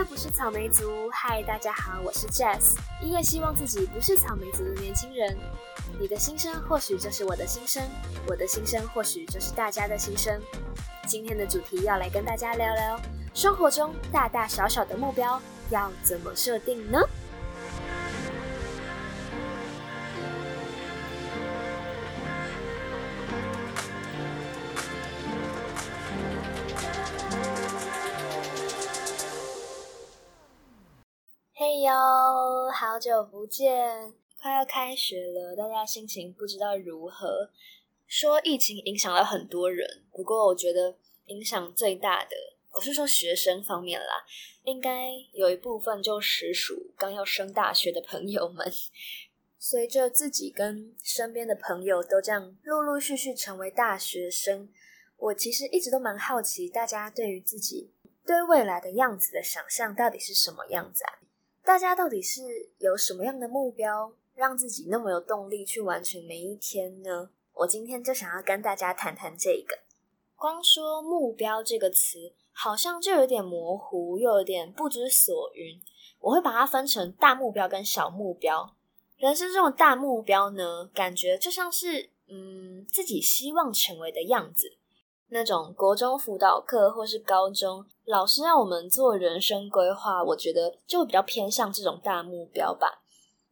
那不是草莓族。嗨，大家好，我是 Jess 一個希望自己不是草莓族的年輕人，你的心聲或許就是我的心聲，我的心聲或許就是大家的心聲。今天的主題要來跟大家聊聊，生活中大大小小的目標要怎麼設定呢？喲、哎，好久不見！快要開學了，大家心情不知道如何。說疫情影響了很多人，不過我覺得影響最大的，我是說學生方面啦，應該有一部分就實屬剛要升大學的朋友們。隨着自己跟身邊的朋友都這樣陸陸續續成為大學生，我其實一直都蠻好奇，大家對於自己對未來的樣子的想象到底是什麼樣子啊？大家到底是有什麼樣的目標，讓自己那麼有動力去完成每一天呢？我今天就想要跟大家談談這個。光說目標這個詞，好像就有點模糊，又有點不知所云。我會把它分成大目標跟小目標。人生這種大目標呢，感覺就像是，嗯，自己希望成為的樣子。那種國中輔導課或是高中老師讓我們做人生規劃，我覺得就比較偏向這種大目標吧。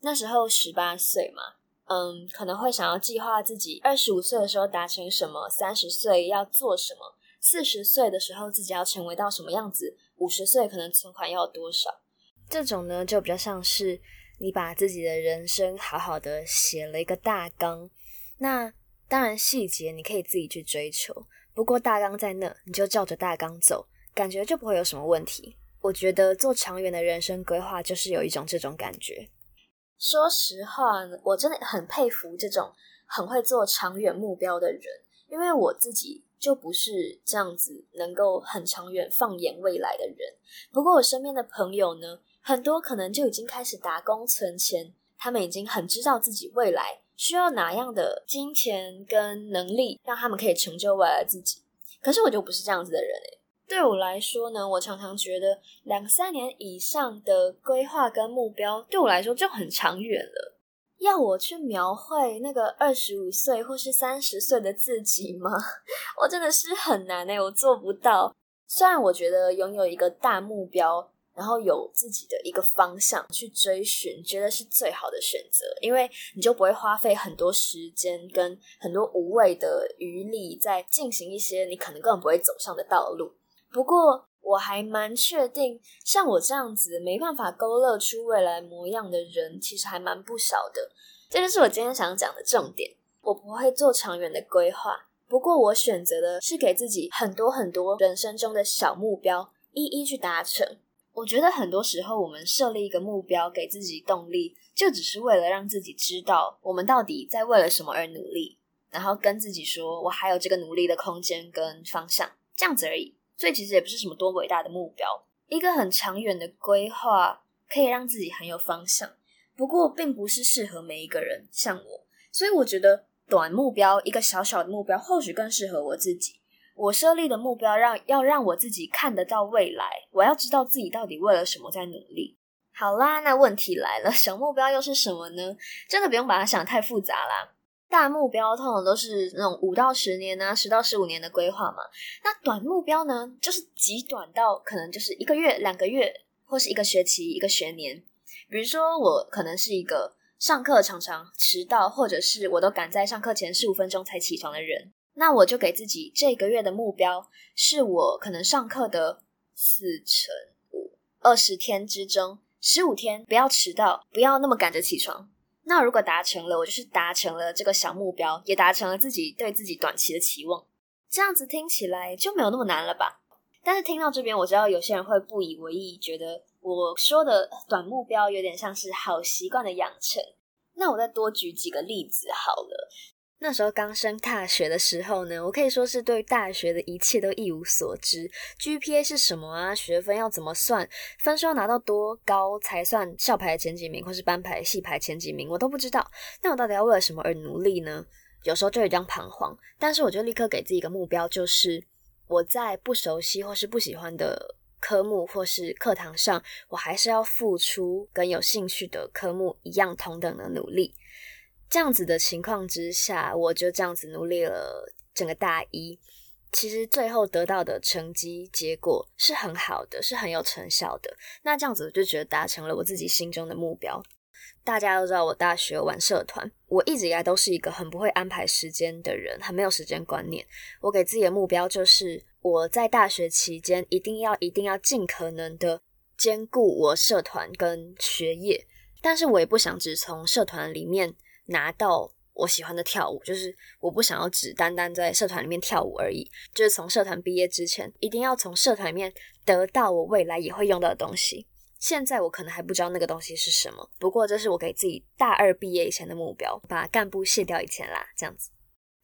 那時候十八歲嘛，嗯，可能會想要計劃自己二十五歲的時候達成什麼，三十歲要做什麼，四十歲的時候自己要成為到什麼樣子，五十歲可能存款要多少。這種呢，就比較像是你把自己的人生好好的寫了一個大綱，那當然細節你可以自己去追求。不過大綱在那，你就照着大綱走，感覺就不會有什麼問題。我覺得做長遠的人生規劃，就是有一種這種感覺。說實話，我真的很佩服這種很會做長遠目標的人，因為我自己就不是這樣子能夠很長遠放眼未來的人。不過我身邊的朋友呢，很多可能就已經開始打工存錢，他們已經很知道自己未來。需要哪樣的金錢跟能力，讓他們可以成就未來自己？可是我就不是這樣子的人哎、欸。對我來說呢，我常常覺得兩三年以上的規劃跟目標，對我來說就很長遠了。要我去描繪那個二十五歲或是三十歲的自己嗎？我真的是很難哎、欸，我做不到。雖然我覺得擁有一個大目標。然後有自己的一個方向去追尋，覺得是最好的選擇，因為你就不會花費很多時間跟很多無謂的餘力在進行一些你可能根本不會走上的道路。不過我還蠻確定，像我這樣子沒辦法勾勒出未來模樣的人，其實還蠻不少的。這就是我今天想講的重點。我不會做長遠的規劃，不過我選擇的是給自己很多很多人生中的小目標，一一去達成。我覺得很多時候，我們設立一個目標給自己動力，就只是為了讓自己知道我們到底在為了什麼而努力，然後跟自己說，我還有這個努力的空間跟方向，這樣子而已。所以其實也不是什麼多偉大的目標，一個很長遠的規劃可以讓自己很有方向，不過並不是適合每一個人，像我，所以我覺得短目標，一個小小的目標，或許更適合我自己。我設立的目標讓，要讓我自己看得到未來。我要知道自己到底為了什麼在努力。好啦，那問題來了，小目標又是什麼呢？真的不用把它想太複雜啦。大目標通常都是那種五到十年啊，十到十五年的規劃嘛。那短目標呢，就是極短到可能就是一個月、兩個月，或是一個學期、一個學年。比如說，我可能是一個上課常常遲到，或者是我都趕在上課前十五分鐘才起床的人。那我就給自己這個月的目標，是我可能上課的四乘五，二十天之中十五天不要遲到，不要那麼趕着起床。那如果達成了，我就是達成了這個小目標，也達成了自己對自己短期的期望。這樣子聽起來就沒有那麼難了吧？但是聽到這邊，我知道有些人會不以為意，覺得我說的短目標有點像是好習慣的養成。那我再多舉幾個例子好了。那時候剛升大學的時候呢，我可以說是對大學的一切都一無所知。GPA 是什麼啊？學分要怎麼算？分數要拿到多高才算校排前幾名，或是班排、系排前幾名，我都不知道。那我到底要為了什麼而努力呢？有時候就有點彷徨，但是我就立刻給自己一個目標，就是我在不熟悉或是不喜歡的科目或是課堂上，我還是要付出跟有興趣的科目一樣同等的努力。這樣子的情況之下，我就這樣子努力了整個大一，其實最後得到的成績結果是很好的，是很有成效的。那這樣子我就覺得達成了我自己心中的目標。大家都知道我大學玩社團，我一直以來都是一個很不會安排時間的人，很沒有時間觀念。我給自己的目標就是我在大學期間一定要一定要盡可能的兼顧我社團跟學業，但是我也不想只從社團裡面。拿到我喜歡的跳舞，就是我不想要只單單在社團裡面跳舞而已，就是從社團畢業之前，一定要從社團裡面得到我未來也會用到的東西。現在我可能還不知道那個東西是什麼，不過這是我給自己大二畢業以前的目標，把幹部卸掉以前啦，這樣子。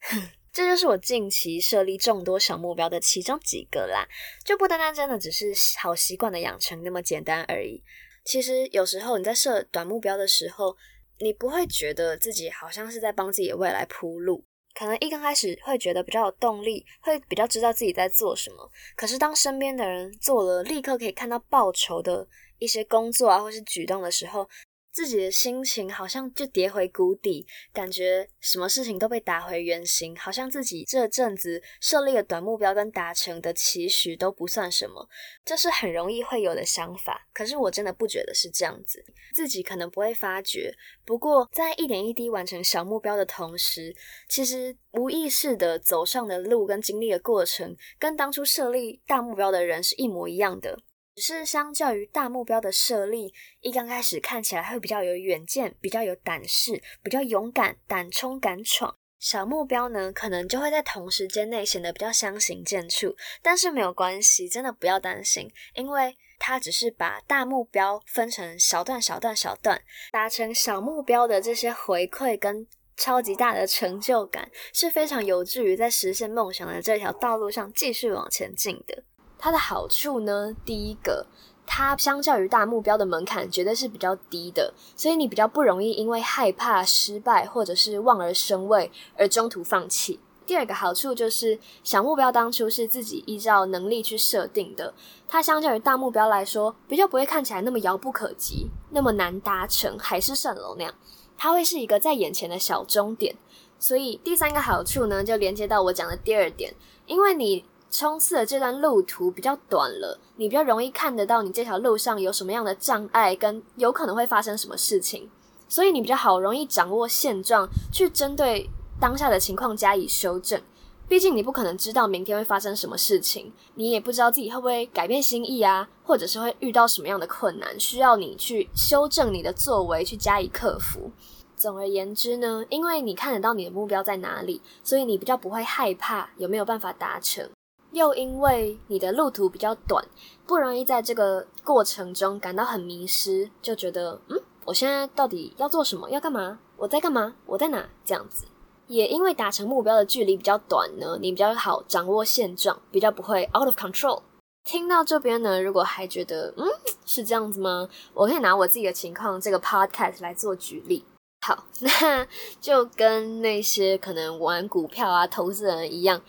哼， 這就是我近期設立眾多小目標的其中幾個啦，就不單單真的只是好習慣的養成那麼簡單而已。其實有時候你在設短目標的時候，你不會覺得自己好像是在幫自己的未來鋪路，可能一剛開始會覺得比較有動力，會比較知道自己在做什麼。可是當身邊的人做了立刻可以看到報酬的一些工作啊，或是舉動的時候，自己的心情好像就跌回谷底，感覺什麼事情都被打回原形，好像自己這陣子設立的短目標跟達成的期許都不算什麼，這是很容易會有的想法。可是我真的不覺得是這樣子，自己可能不會發覺。不過在一點一滴完成小目標的同時，其實無意識的走上的路跟經歷的過程，跟當初設立大目標的人是一模一樣的。只是相較於大目標的設立，一剛開始看起來會比較有遠見、比較有膽識、比較勇敢、敢衝敢闖。小目標呢，可能就會在同時間內顯得比較相形見絀。但是沒有關係，真的不要擔心，因為它只是把大目標分成小段、小段、小段，達成小目標的這些回饋跟超級大的成就感，是非常有助於在實現夢想的這條道路上繼續往前進的。它的好處呢，第一個，它相較於大目標的門檻，絕對是比較低的，所以你比較不容易因為害怕失敗或者是望而生畏而中途放棄。第二個好處就是小目標當初是自己依照能力去設定的，它相較於大目標來說，比較不會看起來那麼遙不可及，那麼難達成，海市蜃樓那樣，它會是一個在眼前的小終點。所以第三個好處呢，就連接到我講的第二點，因為你。衝刺的這段路途比較短了，你比較容易看得到你這條路上有什麼樣的障礙跟有可能會發生什麼事情，所以你比較好容易掌握現狀，去針對當下的情況加以修正。畢竟你不可能知道明天會發生什麼事情，你也不知道自己會不會改變心意啊，或者是會遇到什麼樣的困難，需要你去修正你的作為，去加以克服。總而言之呢，因為你看得到你的目標在哪裡，所以你比較不會害怕有沒有辦法達成。又因為你的路途比較短，不容易在這個過程中感到很迷失，就覺得嗯，我現在到底要做什麼？要幹嘛？我在幹嘛？我在哪？這樣子，也因為達成目標的距離比較短呢，你比較好掌握現狀，比較不會 out of control。聽到這邊呢，如果還覺得嗯，是這樣子嗎？我可以拿我自己的情況這個 podcast 來做舉例。好，那就跟那些可能玩股票啊、投資人一樣。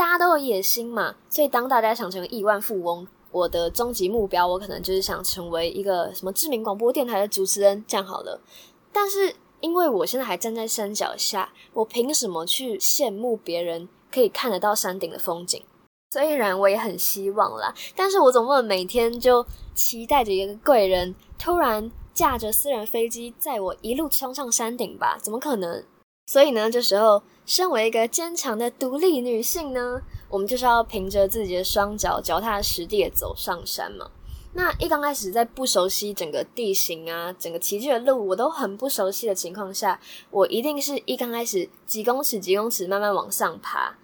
大家都有野心嘛，所以當大家想成為億萬富翁，我的終極目標，我可能就是想成為一個什麼知名廣播電台的主持人，這樣好了。但是因為我現在還站在山腳下，我憑什麼去羨慕別人可以看得到山頂的風景？雖然我也很希望啦，但是我總不能每天就期待着一個貴人突然駕着私人飛機載我一路衝上山頂吧？怎麼可能？所以呢，這時候身為一個堅強的獨立女性呢，我們就是要憑着自己的雙腳，腳踏實地的走上山嘛。那一剛開始在不熟悉整個地形啊、整個崎嶇的路，我都很不熟悉的情況下，我一定是一剛開始幾公尺、幾公尺慢慢往上爬，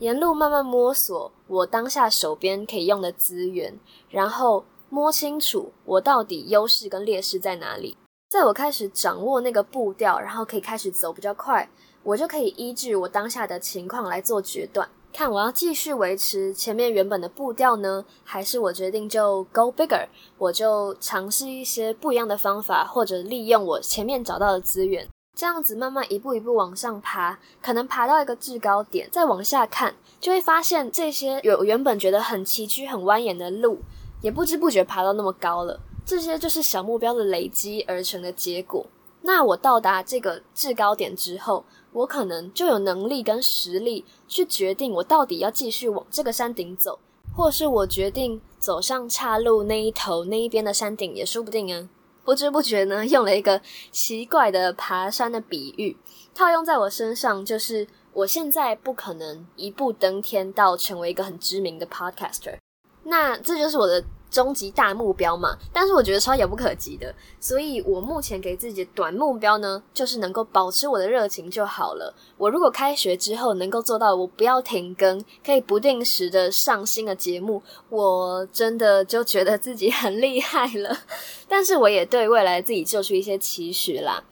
沿路慢慢摸索我當下手邊可以用的資源，然後摸清楚我到底優勢跟劣勢在哪裡。在我開始掌握那個步調，然後可以開始走比較快，我就可以依據我當下的情況來做決斷。看我要繼續維持前面原本的步調呢，還是我決定就 go bigger，我就嘗試一些不一樣的方法，或者利用我前面找到的資源。這樣子慢慢一步一步往上爬，可能爬到一個制高點，再往下看，就會發現這些有原本覺得很崎嶇很蜿蜒的路，也不知不覺爬到那麼高了。這些就是小目標的累積而成的結果。那我到達這個制高點之後，我可能就有能力跟實力去決定我到底要繼續往這個山頂走，或是我決定走上岔路，那一頭那一邊的山頂也說不定啊。不知不覺呢，用了一個奇怪的爬山的比喻，套用在我身上，就是我現在不可能一步登天到成為一個很知名的 Podcaster。那這就是我的。終極大目標嘛，但是我覺得超遙不可及的。所以我目前給自己的短目標呢，就是能夠保持我的熱情就好了。我如果開學之後能夠做到我不要停更，可以不定時的上新的節目，我真的就覺得自己很厲害了。但是我也對未來自己做出一些期許啦，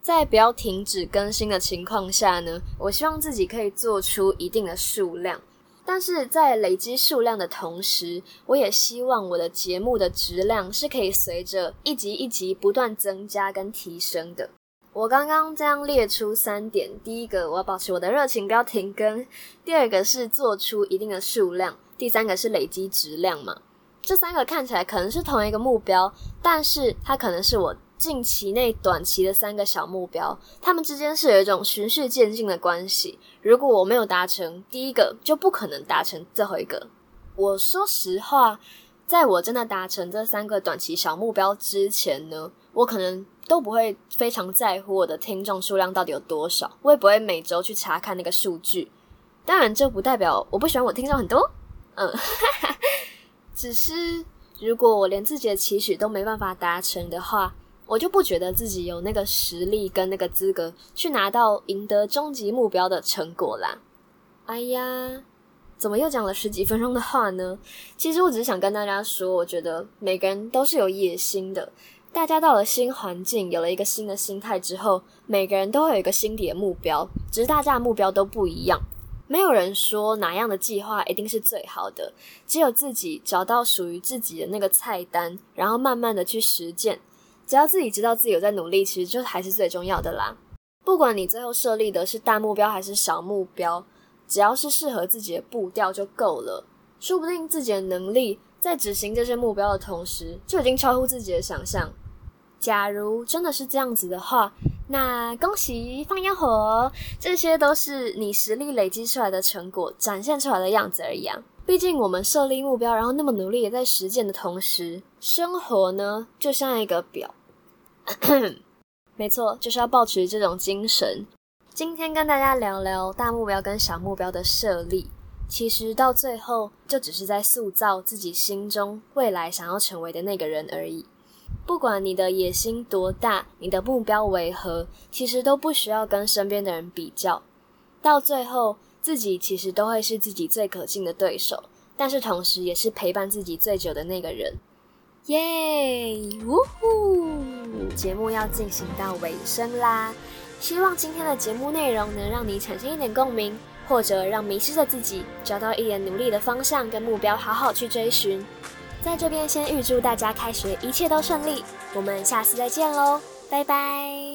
在不要停止更新的情況下呢，我希望自己可以做出一定的數量。但是在累積數量的同時，我也希望我的節目的質量是可以隨着一集一集不斷增加跟提升的。我剛剛這樣列出三點：第一個，我要保持我的熱情，不要停更；第二個是做出一定的數量；第三個是累積質量嘛。這三個看起來可能是同一個目標，但是它可能是我。近期內短期的三個小目標，他們之間是有一種循序漸進的關係。如果我沒有達成第一個，就不可能達成最後一個。我說實話，在我真的達成這三個短期小目標之前呢，我可能都不會非常在乎我的聽眾數量到底有多少，我也不會每周去查看那個數據。當然，這不代表我不喜歡我聽眾很多。嗯，哈 哈。只是，如果我連自己的期許都沒辦法達成的話。我就不覺得自己有那個實力跟那個資格去拿到贏得終極目標的成果啦。哎呀，怎麼又講了十幾分鐘的話呢？其實我只是想跟大家說，我覺得每個人都是有野心的。大家到了新環境，有了一個新的心態之後，每個人都會有一個心底的目標，只是大家的目標都不一樣。沒有人說哪樣的計劃一定是最好的，只有自己找到屬於自己的那個菜單，然後慢慢的去實踐。只要自己知道自己有在努力，其實就還是最重要的啦。不管你最後設立的是大目標還是小目標，只要是適合自己的步調就夠了。說不定自己的能力在執行這些目標的同時，就已經超乎自己的想象。假如真的是這樣子的話，那恭喜放煙火，這些都是你實力累積出來的成果展現出來的樣子而已啊。畢竟我們設立目標，然後那麼努力也在實踐的同時，生活呢就像一個表。 沒錯，就是要保持這種精神。今天跟大家聊聊大目標跟小目標的設立。其實到最後，就只是在塑造自己心中未來想要成為的那個人而已。不管你的野心多大，你的目標為何，其實都不需要跟身邊的人比較。到最後，自己其實都會是自己最可敬的對手，但是同時也是陪伴自己最久的那個人。耶，嗚呼！節目要進行到尾聲啦，希望今天的節目內容能讓你產生一點共鳴，或者讓迷失的自己找到一點努力的方向跟目標，好好去追尋。在這邊先預祝大家開學一切都順利，我們下次再見嘍，拜拜。